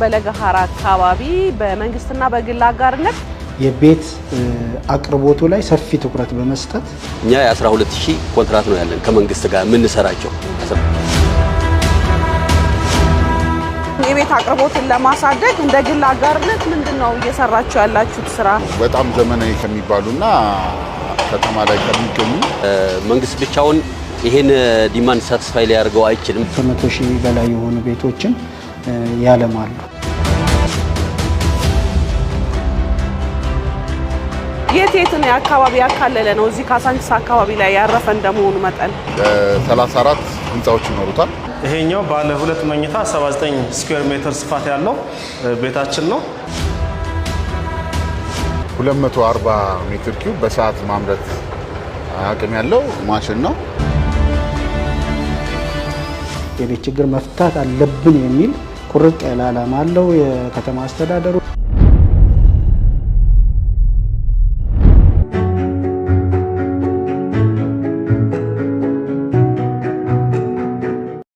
በለገሃር አካባቢ በመንግስትና በግል አጋርነት የቤት አቅርቦቱ ላይ ሰፊ ትኩረት በመስጠት እኛ የ12 ሺህ ኮንትራት ነው ያለን ከመንግስት ጋር የምንሰራቸው። የቤት አቅርቦትን ለማሳደግ እንደ ግል አጋርነት ምንድን ነው እየሰራችሁ ያላችሁት ስራ? በጣም ዘመናዊ ከሚባሉና ከተማ ላይ ከሚገኙ መንግስት ብቻውን ይህን ዲማንድ ሳትስፋይ ሊያደርገው አይችልም። ከመቶ ሺህ በላይ የሆኑ ቤቶችን ያለማሉ። የት ነው አካባቢ ያካለለ ነው? እዚህ ካሳንቺስ አካባቢ ላይ ያረፈ እንደመሆኑ መጠን 34 ህንፃዎች ይኖሩታል። ይሄኛው ባለ ሁለት መኝታ 79 ስኩዌር ሜትር ስፋት ያለው ቤታችን ነው። 240 ሜትር ኪዩብ በሰዓት ማምረት አቅም ያለው ማሽን ነው። የቤት ችግር መፍታት አለብን የሚል ቁርጥ ያለ ዓላማ አለው የከተማ አስተዳደሩ።